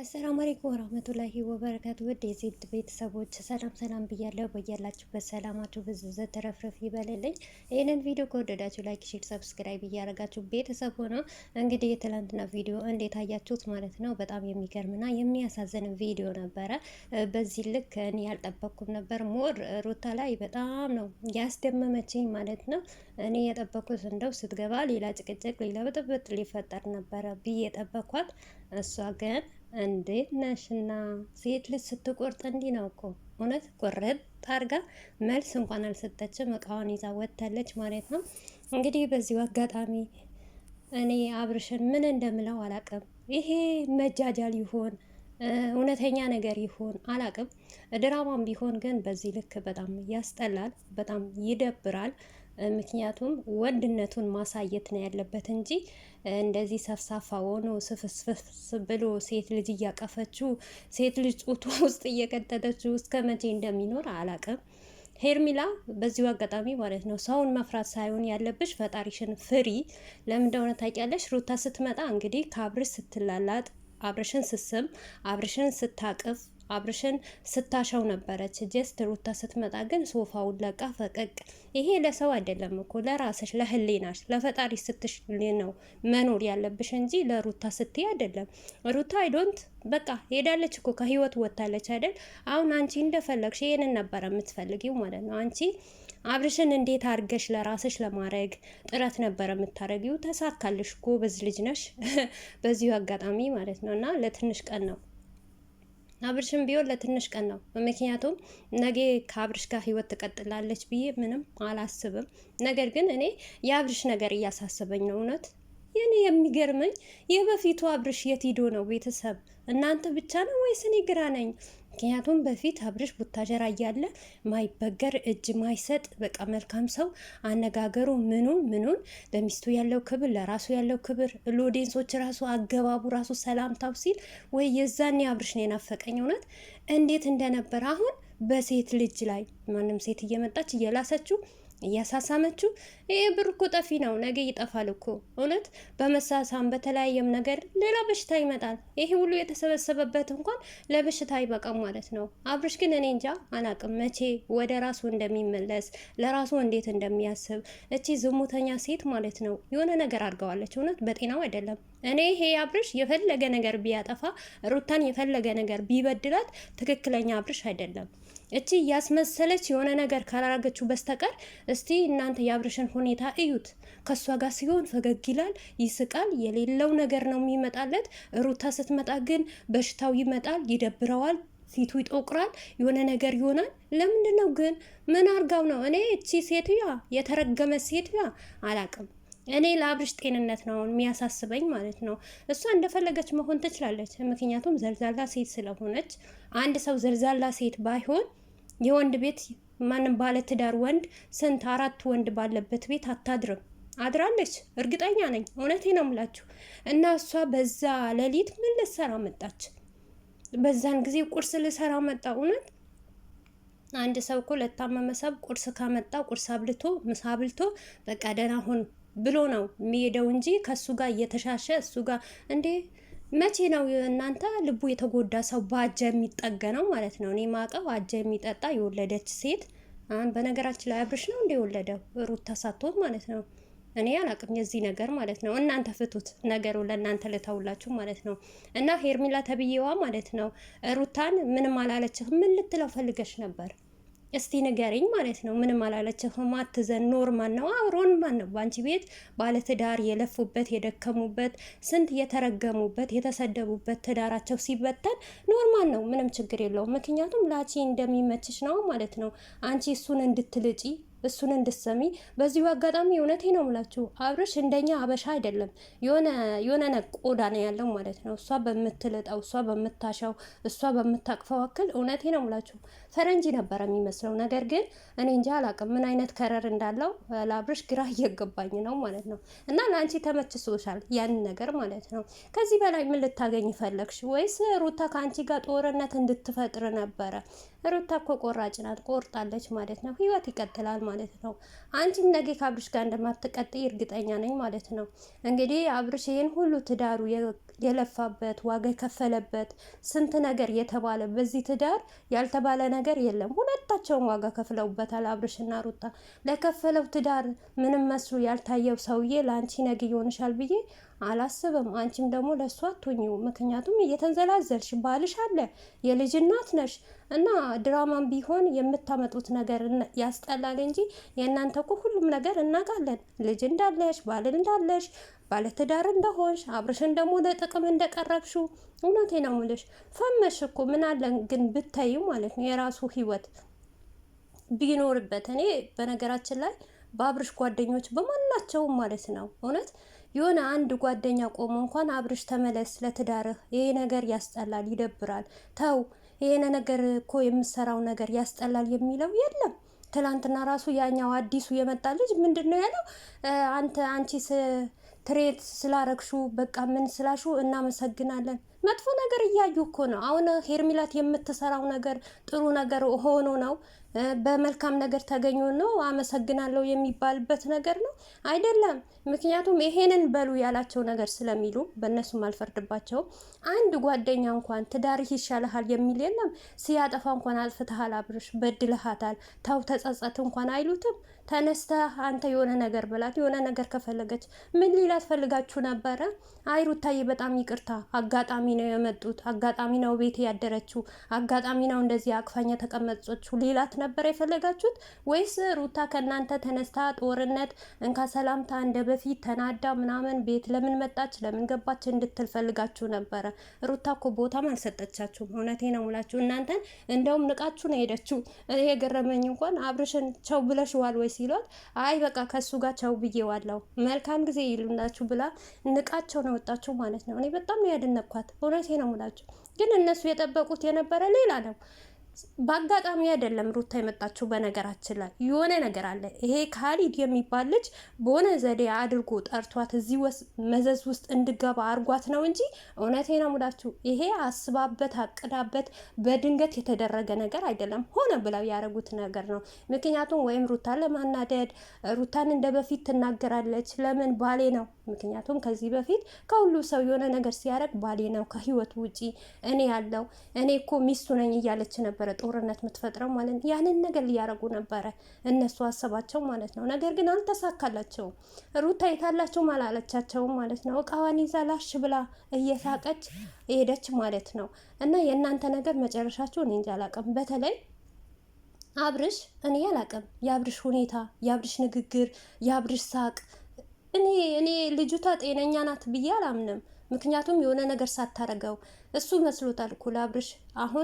አሰላሙ አለይኩም ወራህመቱላሂ ወበረካቱ ውድ የዜድ ቤተሰቦች ሰላም ሰላም ብያለሁ። በያላችሁበት ሰላማችሁ ብዝብዘት ተረፍረፍ ይበልልኝ። ይህንን ቪዲዮ ከወደዳችሁ ላይክ፣ ሼር፣ ሰብስክራይብ እያደረጋችሁ ቤተሰብ ሆነው እንግዲህ የትላንትና ቪዲዮ እንዴት አያችሁት ማለት ነው። በጣም የሚገርምና የሚያሳዝን ቪዲዮ ነበረ። በዚህ ልክ እኔ ያልጠበቅኩም ነበር። ሞር ሩታ ላይ በጣም ነው ያስደመመችኝ ማለት ነው። እኔ የጠበኩት እንደው ስትገባ ሌላ ጭቅጭቅ፣ ሌላ ብጥብጥ ሊፈጠር ነበረ ብዬ የጠበኳት እሷ ግን እንዴት ነሽና ሴት ልጅ ስትቆርጥ እንዲህ ነው እኮ እውነት ቁርጥ አድርጋ መልስ እንኳን አልሰጠችም። እቃዋን ይዛ ወጥታለች ማለት ነው። እንግዲህ በዚሁ አጋጣሚ እኔ አብርሽን ምን እንደምለው አላቅም። ይሄ መጃጃል ይሆን እውነተኛ ነገር ይሆን አላቅም። ድራማም ቢሆን ግን በዚህ ልክ በጣም ያስጠላል፣ በጣም ይደብራል። ምክንያቱም ወንድነቱን ማሳየት ነው ያለበት እንጂ እንደዚህ ሰፍሳፋ ሆኖ ስፍስፍስ ብሎ ሴት ልጅ እያቀፈችው ሴት ልጅ ጡቷ ውስጥ እየቀጠለችው እስከ መቼ እንደሚኖር አላቅም። ሄርሚላ በዚሁ አጋጣሚ ማለት ነው ሰውን መፍራት ሳይሆን ያለብሽ ፈጣሪሽን ፍሪ። ለምን እንደሆነ ታውቂያለሽ? ሩታ ስትመጣ እንግዲህ ከአብርሽ ስትላላጥ፣ አብርሽን ስስም፣ አብርሽን ስታቅፍ አብርሽን ስታሸው ነበረች። ጀስት ሩታ ስትመጣ ግን ሶፋውን ለቃ ፈቀቅ። ይሄ ለሰው አይደለም እኮ ለራስሽ ለህሊናሽ፣ ለፈጣሪ ስትሽል ነው መኖር ያለብሽ እንጂ ለሩታ ስትይ አይደለም። ሩታ አይዶንት በቃ ሄዳለች እኮ ከህይወት ወታለች አይደል? አሁን አንቺ እንደፈለግሽ ይሄንን ነበረ የምትፈልጊው ማለት ነው አንቺ አብርሽን እንዴት አድርገሽ ለራስሽ ለማድረግ ጥረት ነበረ የምታደርጊው። ተሳካልሽ። ጎበዝ ልጅ ነሽ። በዚሁ አጋጣሚ ማለት ነው እና ለትንሽ ቀን ነው አብርሽም ቢሆን ለትንሽ ቀን ነው። ምክንያቱም ነገ ከአብርሽ ጋር ህይወት ትቀጥላለች ብዬ ምንም አላስብም። ነገር ግን እኔ የአብርሽ ነገር እያሳሰበኝ ነው እውነት የኔ የሚገርመኝ የበፊቱ አብርሽ የት ሂዶ ነው? ቤተሰብ እናንተ ብቻ ነው ወይስ እኔ ግራ ነኝ? ምክንያቱም በፊት አብርሽ ቡታጀራ እያለ ማይበገር እጅ ማይሰጥ በቃ መልካም ሰው አነጋገሩ፣ ምኑን ምኑን ለሚስቱ ያለው ክብር፣ ለራሱ ያለው ክብር፣ ሎዴንሶች ራሱ አገባቡ ራሱ ሰላምታው ሲል ወይ የዛኔ አብርሽ ነው የናፈቀኝ እውነት እንዴት እንደነበር አሁን በሴት ልጅ ላይ ማንም ሴት እየመጣች እየላሰችው እያሳሳመችው ይሄ ብር እኮ ጠፊ ነው፣ ነገ ይጠፋል እኮ እውነት። በመሳሳም በተለያየም ነገር ሌላ በሽታ ይመጣል። ይሄ ሁሉ የተሰበሰበበት እንኳን ለበሽታ አይበቃም ማለት ነው። አብርሽ ግን እኔ እንጃ አላቅም መቼ ወደ ራሱ እንደሚመለስ ለራሱ እንዴት እንደሚያስብ። እቺ ዝሙተኛ ሴት ማለት ነው የሆነ ነገር አድርገዋለች እውነት፣ በጤናው አይደለም። እኔ ይሄ አብርሽ የፈለገ ነገር ቢያጠፋ ሩታን የፈለገ ነገር ቢበድላት ትክክለኛ አብርሽ አይደለም። እቺ ያስመሰለች የሆነ ነገር ካላረገችው በስተቀር እስቲ እናንተ የአብርሽን ሁኔታ እዩት። ከእሷ ጋር ሲሆን ፈገግ ይላል፣ ይስቃል፣ የሌለው ነገር ነው የሚመጣለት። ሩታ ስትመጣ ግን በሽታው ይመጣል፣ ይደብረዋል፣ ፊቱ ይጦቅራል፣ የሆነ ነገር ይሆናል። ለምንድን ነው ግን? ምን አርጋው ነው? እኔ እቺ ሴትዮዋ የተረገመ ሴትዮዋ አላቅም። እኔ ለአብርሽ ጤንነት ነው የሚያሳስበኝ ማለት ነው። እሷ እንደፈለገች መሆን ትችላለች፣ ምክንያቱም ዘልዛላ ሴት ስለሆነች። አንድ ሰው ዘልዛላ ሴት ባይሆን የወንድ ቤት ማንም ባለ ትዳር ወንድ ስንት አራት ወንድ ባለበት ቤት አታድርም። አድራለች፣ እርግጠኛ ነኝ። እውነቴ ነው ምላችሁ እና እሷ በዛ ሌሊት ምን ልትሰራ መጣች? በዛን ጊዜ ቁርስ ልሰራ መጣ። እውነት አንድ ሰው እኮ ለታመመ ሰብ ቁርስ ካመጣ ቁርስ አብልቶ ምሳ አብልቶ በቃ ደህና ሁን ብሎ ነው የሚሄደው እንጂ ከእሱ ጋር እየተሻሸ እሱ ጋር እንዴ መቼ ነው እናንተ ልቡ የተጎዳ ሰው በአጃ የሚጠገነው ማለት ነው? እኔ ማቀው አጃ የሚጠጣ የወለደች ሴት በነገራችን ላይ አብርሽ ነው እንደ የወለደው ሩት ተሳቶት ማለት ነው። እኔ አላቅም የዚህ ነገር ማለት ነው። እናንተ ፍቱት ነገሩ ለእናንተ ልተውላችሁ ማለት ነው። እና ሄርሚላ ተብዬዋ ማለት ነው ሩታን ምንም አላለችህ። ምን ልትለው ፈልገች ነበር? እስቲ ንገረኝ ማለት ነው። ምንም አላለችህም፣ አትዘን፣ ኖርማል ነው። አብሮን ማን ነው። በአንቺ ቤት ባለትዳር የለፉበት የደከሙበት፣ ስንት የተረገሙበት የተሰደቡበት ትዳራቸው ሲበተን ኖርማል ነው። ምንም ችግር የለውም። ምክንያቱም ላቺ እንደሚመችሽ ነው ማለት ነው። አንቺ እሱን እንድትልጪ እሱን እንድሰሚ በዚሁ አጋጣሚ እውነቴ ነው ምላችሁ አብርሽ እንደኛ አበሻ አይደለም። የሆነ የሆነ ቆዳ ነው ያለው ማለት ነው። እሷ በምትልጠው እሷ በምታሻው እሷ በምታቅፈው አክል እውነቴ ነው ምላችሁ ፈረንጂ ነበረ የሚመስለው። ነገር ግን እኔ እንጃ አላውቅም ምን አይነት ከረር እንዳለው ለአብርሽ ግራ እየገባኝ ነው ማለት ነው። እና ለአንቺ ተመችሶሻል ያን ነገር ማለት ነው። ከዚህ በላይ ምን ልታገኝ ፈለግሽ? ወይስ ሩታ ከአንቺ ጋር ጦርነት እንድትፈጥር ነበረ? ሩታ እኮ ቆራጭ ናት፣ ቆርጣለች ማለት ነው። ህይወት ይቀጥላል ማለት ማለት ነው። አንቺ ነገ ከአብርሽ ጋር እንደማትቀጥይ እርግጠኛ ነኝ ማለት ነው። እንግዲህ አብርሽ ይህን ሁሉ ትዳሩ የለፋበት ዋጋ የከፈለበት ስንት ነገር የተባለ በዚህ ትዳር ያልተባለ ነገር የለም። ሁለታቸውን ዋጋ ከፍለውበታል አብርሽና ሩታ። ለከፈለው ትዳር ምንም መስሉ ያልታየው ሰውዬ ለአንቺ ነገ ይሆንሻል ብዬ አላስብም። አንቺም ደግሞ ለእሱ አትሆኚው። ምክንያቱም እየተንዘላዘልሽ ባልሽ አለ፣ የልጅ እናት ነሽ እና ድራማም ቢሆን የምታመጡት ነገር ያስጠላል እንጂ የእናንተ እኮ ሁሉም ነገር እናውቃለን። ልጅ እንዳለሽ፣ ባል እንዳለሽ፣ ባለትዳር እንደሆንሽ፣ አብርሽን ደግሞ ለጥቅም እንደቀረብሽው እውነቴ ነው የምልሽ። ፈመሽ እኮ ምን አለን ግን ብታዩ ማለት ነው የራሱ ህይወት ቢኖርበት። እኔ በነገራችን ላይ በአብርሽ ጓደኞች በማናቸውም ማለት ነው እውነት የሆነ አንድ ጓደኛ ቆሞ እንኳን አብርሽ ተመለስ ለትዳርህ፣ ይሄ ነገር ያስጠላል፣ ይደብራል፣ ተው ይሄን ነገር እኮ የምሰራው ነገር ያስጠላል የሚለው የለም። ትላንትና ራሱ ያኛው አዲሱ የመጣ ልጅ ምንድን ነው ያለው? አንተ አንቺ ትሬት ስላረግሹ በቃ ምን ስላሹ እናመሰግናለን መጥፎ ነገር እያዩ እኮ ነው። አሁን ሄርሚላት የምትሰራው ነገር ጥሩ ነገር ሆኖ ነው በመልካም ነገር ተገኙ ነው አመሰግናለሁ የሚባልበት ነገር ነው አይደለም። ምክንያቱም ይሄንን በሉ ያላቸው ነገር ስለሚሉ በእነሱም አልፈርድባቸው። አንድ ጓደኛ እንኳን ትዳርህ ይሻልሃል የሚል የለም። ሲያጠፋ እንኳን አጥፍተሃል፣ አብርሽ በድልሃታል፣ ተው ተጸጸት እንኳን አይሉትም። ተነስተ አንተ የሆነ ነገር ብላት የሆነ ነገር ከፈለገች ምን ሊላት ፈልጋችሁ ነበረ? አይሩታይ በጣም ይቅርታ አጋጣሚ ነው የመጡት፣ አጋጣሚ ነው ቤት ያደረችው፣ አጋጣሚ ነው እንደዚህ አቅፋኝ የተቀመጠችው ሌላት ነበር የፈለጋችሁት? ወይስ ሩታ ከእናንተ ተነስታ ጦርነት እንካ ሰላምታ እንደ በፊት ተናዳ ምናምን ቤት ለምን መጣች ለምን ገባች እንድትል ፈልጋችሁ ነበረ? ሩታ እኮ ቦታም አልሰጠቻችሁም። እውነቴ ነው ሙላችሁ እናንተን እንደውም ንቃችሁ ነው ሄደችው። ይሄ የገረመኝ እንኳን አብርሽን ቸው ብለሽዋል ወይ ሲሏት አይ በቃ ከሱ ጋር ቸው ዋለው መልካም ጊዜ ይሉላችሁ ብላ ንቃቸው ነው ወጣችሁ ማለት ነው። እኔ በጣም ነው ያደነኳት። እውነቴ ነው የምላቸው። ግን እነሱ የጠበቁት የነበረ ሌላ ነው። በአጋጣሚ አይደለም ሩታ የመጣችው። በነገራችን ላይ የሆነ ነገር አለ። ይሄ ካሊድ የሚባል ልጅ በሆነ ዘዴ አድርጎ ጠርቷት እዚህ መዘዝ ውስጥ እንድገባ አድርጓት ነው እንጂ እውነቴ ነው ሙላችሁ፣ ይሄ አስባበት አቅዳበት በድንገት የተደረገ ነገር አይደለም። ሆነ ብለው ያደረጉት ነገር ነው። ምክንያቱም ወይም ሩታን ለማናደድ ሩታን እንደ በፊት ትናገራለች፣ ለምን ባሌ ነው ምክንያቱም ከዚህ በፊት ከሁሉ ሰው የሆነ ነገር ሲያደርግ ባሌ ነው ከህይወቱ ውጪ እኔ ያለው እኔ እኮ ሚስቱ ነኝ እያለች ነበረ ጦርነት የምትፈጥረው ማለት ነው። ያንን ነገር ሊያደርጉ ነበረ እነሱ አሰባቸው ማለት ነው። ነገር ግን አልተሳካላቸውም። ሩታ የታላቸውም አላለቻቸውም ማለት ነው። እቃዋን ይዛ ላሽ ብላ እየሳቀች ሄደች ማለት ነው። እና የእናንተ ነገር መጨረሻችሁ እኔ እንጃ አላውቅም። በተለይ አብርሽ እኔ አላውቅም። የአብርሽ ሁኔታ፣ የአብርሽ ንግግር፣ የአብርሽ ሳቅ እኔ እኔ ልጅቷ ጤነኛ ናት ብዬ አላምንም። ምክንያቱም የሆነ ነገር ሳታረገው እሱ መስሎታል እኮ ለአብርሽ አሁን